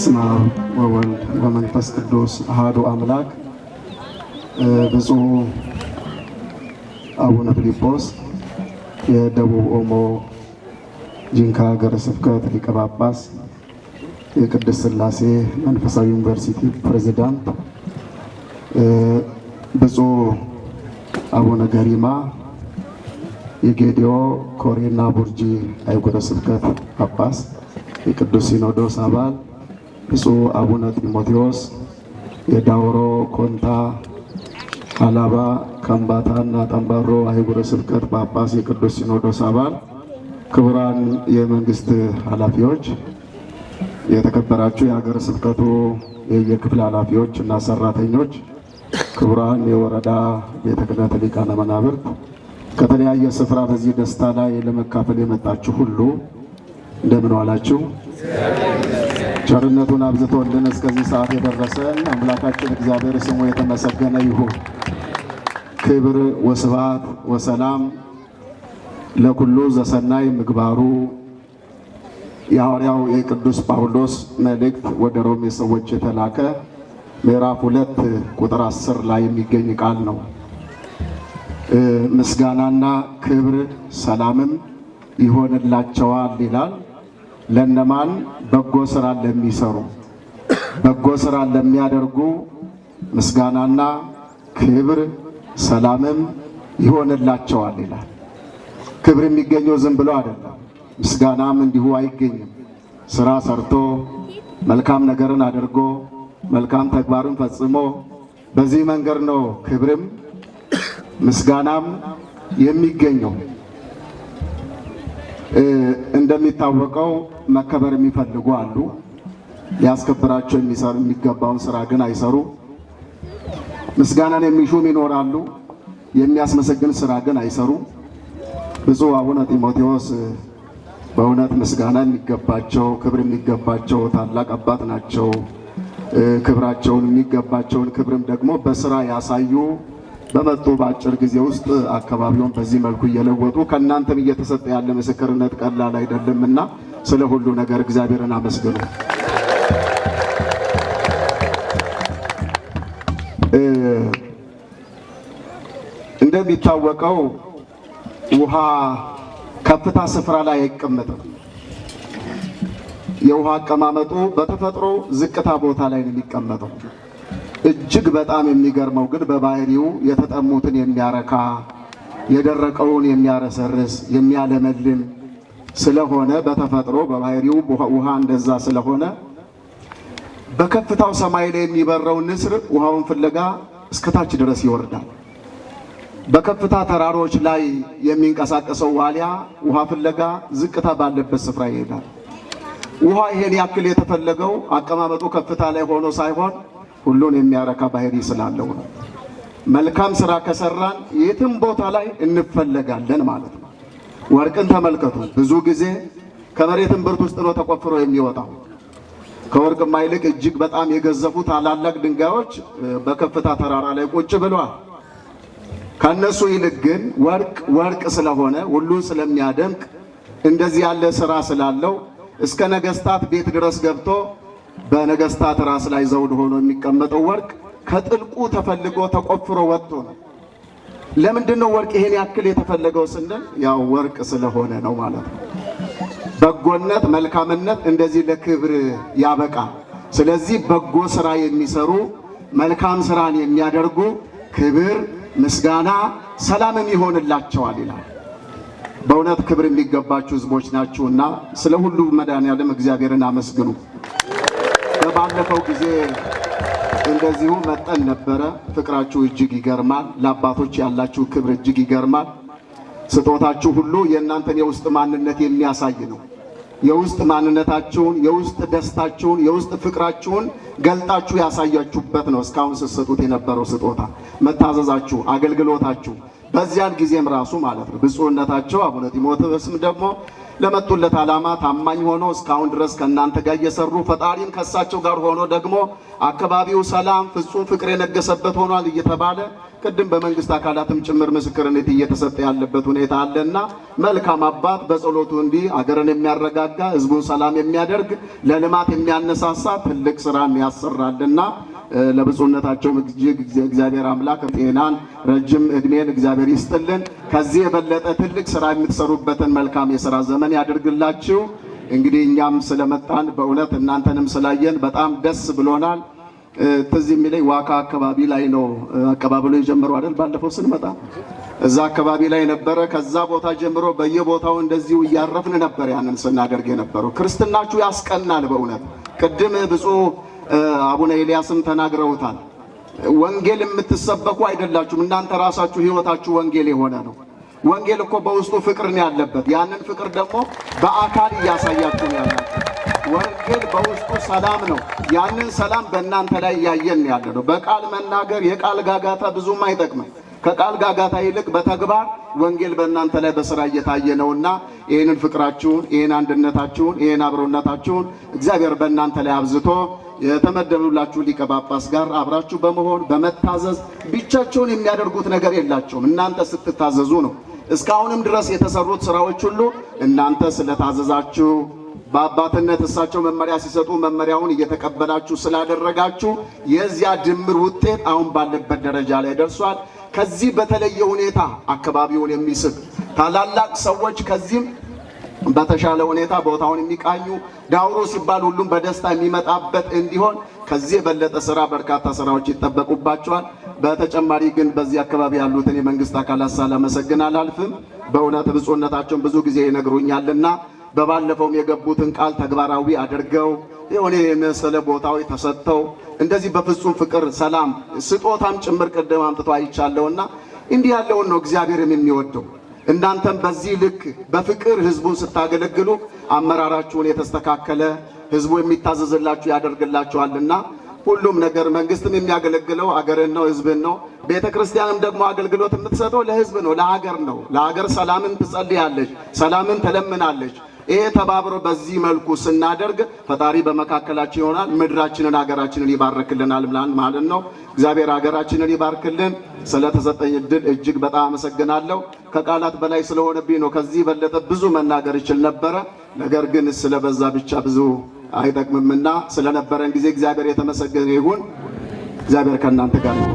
በስመ አብ ወወልድ ወመንፈስ ቅዱስ አሐዱ አምላክ። ብፁዕ አቡነ ፊልጶስ የደቡብ ኦሞ ጂንካ ሀገረ ስብከት ሊቀ ጳጳስ፣ የቅድስት ሥላሴ መንፈሳዊ ዩኒቨርሲቲ ፕሬዚዳንት፣ ብፁዕ አቡነ ገሪማ የጌዲዮ ኮሬና ቡርጂ አህጉረ ስብከት ጳጳስ፣ የቅዱስ ሲኖዶስ አባል ብፁዕ አቡነ ጢሞቴዎስ የዳውሮ ኮንታ አላባ ከምባታና ጠንባሮ አህጉረ ስብከት ጳጳስ፣ የቅዱስ ሲኖዶስ አባል፣ ክቡራን የመንግስት ኃላፊዎች፣ የተከበራችሁ የሀገረ ስብከቱ የየክፍል ኃላፊዎች እና ሰራተኞች፣ ክቡራን የወረዳ ቤተ ክህነት ሊቃነ መናብርት፣ ከተለያየ ስፍራ በዚህ ደስታ ላይ ለመካፈል የመጣችሁ ሁሉ እንደምን ዋላችሁ? ቸርነቱን አብዝቶልን እስከዚህ ሰዓት የደረሰን አምላካችን እግዚአብሔር ስሙ የተመሰገነ ይሁን። ክብር ወስብሐት ወሰላም ለኩሉ ዘሰናይ ምግባሩ። የሐዋርያው የቅዱስ ጳውሎስ መልእክት ወደ ሮሜ ሰዎች የተላከ ምዕራፍ ሁለት ቁጥር አስር ላይ የሚገኝ ቃል ነው። ምስጋናና ክብር ሰላምም ይሆንላቸዋል ይላል። ለነማን? በጎ ስራ ለሚሰሩ በጎ ስራ ለሚያደርጉ ምስጋናና ክብር ሰላምም ይሆንላቸዋል ይላል። ክብር የሚገኘው ዝም ብሎ አይደለም። ምስጋናም እንዲሁ አይገኝም። ስራ ሰርቶ መልካም ነገርን አድርጎ መልካም ተግባርን ፈጽሞ በዚህ መንገድ ነው ክብርም ምስጋናም የሚገኘው። እንደሚታወቀው መከበር የሚፈልጉ አሉ። ሊያስከብራቸው የሚገባውን ስራ ግን አይሰሩ። ምስጋናን የሚሹም ይኖራሉ። የሚያስመሰግን ስራ ግን አይሰሩ። ብፁዕ አቡነ ጢሞቴዎስ በእውነት ምስጋና የሚገባቸው ክብር የሚገባቸው ታላቅ አባት ናቸው። ክብራቸውን የሚገባቸውን ክብርም ደግሞ በስራ ያሳዩ በመጡ በአጭር ጊዜ ውስጥ አካባቢውን በዚህ መልኩ እየለወጡ ከእናንተም እየተሰጠ ያለ ምስክርነት ቀላል አይደለም እና ስለ ሁሉ ነገር እግዚአብሔርን አመስግኑ። እንደሚታወቀው ውሃ ከፍታ ስፍራ ላይ አይቀመጥም። የውሃ አቀማመጡ በተፈጥሮ ዝቅታ ቦታ ላይ ነው የሚቀመጠው። እጅግ በጣም የሚገርመው ግን በባህሪው የተጠሙትን የሚያረካ የደረቀውን የሚያረሰርስ የሚያለመልም ስለሆነ በተፈጥሮ በባህሪው ውሃ እንደዛ ስለሆነ በከፍታው ሰማይ ላይ የሚበረው ንስር ውሃውን ፍለጋ እስከታች ድረስ ይወርዳል። በከፍታ ተራሮች ላይ የሚንቀሳቀሰው ዋሊያ ውሃ ፍለጋ ዝቅታ ባለበት ስፍራ ይሄዳል። ውሃ ይሄን ያክል የተፈለገው አቀማመጡ ከፍታ ላይ ሆኖ ሳይሆን ሁሉን የሚያረካ ባህሪ ስላለው ነው። መልካም ስራ ከሰራን የትም ቦታ ላይ እንፈለጋለን ማለት ነው። ወርቅን ተመልከቱ። ብዙ ጊዜ ከመሬት እምብርት ውስጥ ነው ተቆፍሮ የሚወጣው። ከወርቅማ ይልቅ እጅግ በጣም የገዘፉ ታላላቅ ድንጋዮች በከፍታ ተራራ ላይ ቁጭ ብለዋል። ከነሱ ይልቅ ግን ወርቅ ወርቅ ስለሆነ ሁሉን ስለሚያደምቅ እንደዚህ ያለ ስራ ስላለው እስከ ነገስታት ቤት ድረስ ገብቶ በነገስታት ራስ ላይ ዘውድ ሆኖ የሚቀመጠው ወርቅ ከጥልቁ ተፈልጎ ተቆፍሮ ወጥቶ ነው። ለምንድን ነው ወርቅ ይሄን ያክል የተፈለገው ስንል ያው ወርቅ ስለሆነ ነው ማለት ነው። በጎነት፣ መልካምነት እንደዚህ ለክብር ያበቃ። ስለዚህ በጎ ስራ የሚሰሩ መልካም ስራን የሚያደርጉ ክብር፣ ምስጋና፣ ሰላምም ይሆንላቸዋል ይላል። በእውነት ክብር የሚገባችሁ ህዝቦች ናችሁና ስለ ሁሉ መድኃኔዓለም እግዚአብሔርን አመስግኑ። በባለፈው ጊዜ እንደዚሁ መጠን ነበረ። ፍቅራችሁ እጅግ ይገርማል። ለአባቶች ያላችሁ ክብር እጅግ ይገርማል። ስጦታችሁ ሁሉ የእናንተን የውስጥ ማንነት የሚያሳይ ነው። የውስጥ ማንነታችሁን፣ የውስጥ ደስታችሁን፣ የውስጥ ፍቅራችሁን ገልጣችሁ ያሳያችሁበት ነው። እስካሁን ስትሰጡት የነበረው ስጦታ መታዘዛችሁ፣ አገልግሎታችሁ በዚያን ጊዜም ራሱ ማለት ነው ብፁዕነታቸው አቡነ ጢሞቴዎስም ደግሞ ለመጡለት ዓላማ ታማኝ ሆኖ እስካሁን ድረስ ከእናንተ ጋር እየሰሩ ፈጣሪም ከእሳቸው ጋር ሆኖ ደግሞ አካባቢው ሰላም፣ ፍጹም ፍቅር የነገሰበት ሆኗል እየተባለ ቅድም በመንግስት አካላትም ጭምር ምስክርነት እየተሰጠ ያለበት ሁኔታ አለና መልካም አባት በጸሎቱ እንዲህ አገርን የሚያረጋጋ ህዝቡን ሰላም የሚያደርግ ለልማት የሚያነሳሳ ትልቅ ስራም ያሰራልና ለብፁዕነታቸውም እግዚአብሔር አምላክ ጤናን ረጅም እድሜን እግዚአብሔር ይስጥልን። ከዚህ የበለጠ ትልቅ ስራ የምትሰሩበትን መልካም የስራ ዘመን ያደርግላችሁ። እንግዲህ እኛም ስለመጣን በእውነት እናንተንም ስላየን በጣም ደስ ብሎናል። ትዝ የሚለኝ ዋካ አካባቢ ላይ ነው አቀባበሉ የጀመረው አይደል? ባለፈው ስንመጣ እዛ አካባቢ ላይ ነበረ። ከዛ ቦታ ጀምሮ በየቦታው እንደዚሁ እያረፍን ነበር ያንን ስናደርግ የነበረው። ክርስትናችሁ ያስቀናል በእውነት ቅድም ብፁዕ አቡነ ኤልያስም ተናግረውታል። ወንጌል የምትሰበኩ አይደላችሁም፣ እናንተ ራሳችሁ ህይወታችሁ ወንጌል የሆነ ነው። ወንጌል እኮ በውስጡ ፍቅር ነው ያለበት። ያንን ፍቅር ደግሞ በአካል እያሳያችሁ ነው ያላችሁ። ወንጌል በውስጡ ሰላም ነው። ያንን ሰላም በእናንተ ላይ እያየን ያለ ነው። በቃል መናገር የቃል ጋጋታ ብዙም አይጠቅምም። ከቃል ጋጋታ ይልቅ በተግባር ወንጌል በእናንተ ላይ በስራ እየታየ ነውና ይህንን ፍቅራችሁን፣ ይህን አንድነታችሁን፣ ይህን አብሮነታችሁን እግዚአብሔር በእናንተ ላይ አብዝቶ የተመደቡላችሁ ሊቀ ጳጳስ ጋር አብራችሁ በመሆን በመታዘዝ ብቻቸውን የሚያደርጉት ነገር የላቸውም። እናንተ ስትታዘዙ ነው። እስካሁንም ድረስ የተሰሩት ስራዎች ሁሉ እናንተ ስለታዘዛችሁ በአባትነት እሳቸው መመሪያ ሲሰጡ መመሪያውን እየተቀበላችሁ ስላደረጋችሁ የዚያ ድምር ውጤት አሁን ባለበት ደረጃ ላይ ደርሷል። ከዚህ በተለየ ሁኔታ አካባቢውን የሚስብ ታላላቅ ሰዎች ከዚህም በተሻለ ሁኔታ ቦታውን የሚቃኙ ዳውሮ ሲባል ሁሉም በደስታ የሚመጣበት እንዲሆን ከዚህ የበለጠ ስራ በርካታ ስራዎች ይጠበቁባቸዋል። በተጨማሪ ግን በዚህ አካባቢ ያሉትን የመንግስት አካላት ሳላመሰግን አላልፍም። በእውነት ብፁዕነታቸውን ብዙ ጊዜ ይነግሩኛልና በባለፈውም የገቡትን ቃል ተግባራዊ አድርገው የሆነ የመሰለ ቦታዊ ተሰጥተው እንደዚህ በፍጹም ፍቅር፣ ሰላም ስጦታም ጭምር ቅድም አምጥቶ አይቻለውና እንዲህ ያለውን ነው እግዚአብሔርም የሚወደው እናንተም በዚህ ልክ በፍቅር ህዝቡን ስታገለግሉ አመራራችሁን የተስተካከለ ህዝቡ የሚታዘዝላችሁ ያደርግላችኋልና ሁሉም ነገር መንግስትም የሚያገለግለው አገርን ነው፣ ህዝብን ነው። ቤተ ክርስቲያንም ደግሞ አገልግሎት የምትሰጠው ለህዝብ ነው፣ ለሀገር ነው። ለሀገር ሰላምን ትጸልያለች፣ ሰላምን ትለምናለች። ይሄ ተባብሮ በዚህ መልኩ ስናደርግ ፈጣሪ በመካከላችን ይሆናል። ምድራችንን ሀገራችንን ይባርክልናል ማለት ነው። እግዚአብሔር ሀገራችንን ይባርክልን። ስለተሰጠኝ እድል እጅግ በጣም አመሰግናለሁ። ከቃላት በላይ ስለሆነብኝ ነው። ከዚህ በለጠ ብዙ መናገር ይችል ነበረ። ነገር ግን ስለበዛ ብቻ ብዙ አይጠቅምምና ስለነበረን ጊዜ እግዚአብሔር የተመሰገነ ይሁን። እግዚአብሔር ከእናንተ ጋር ነው።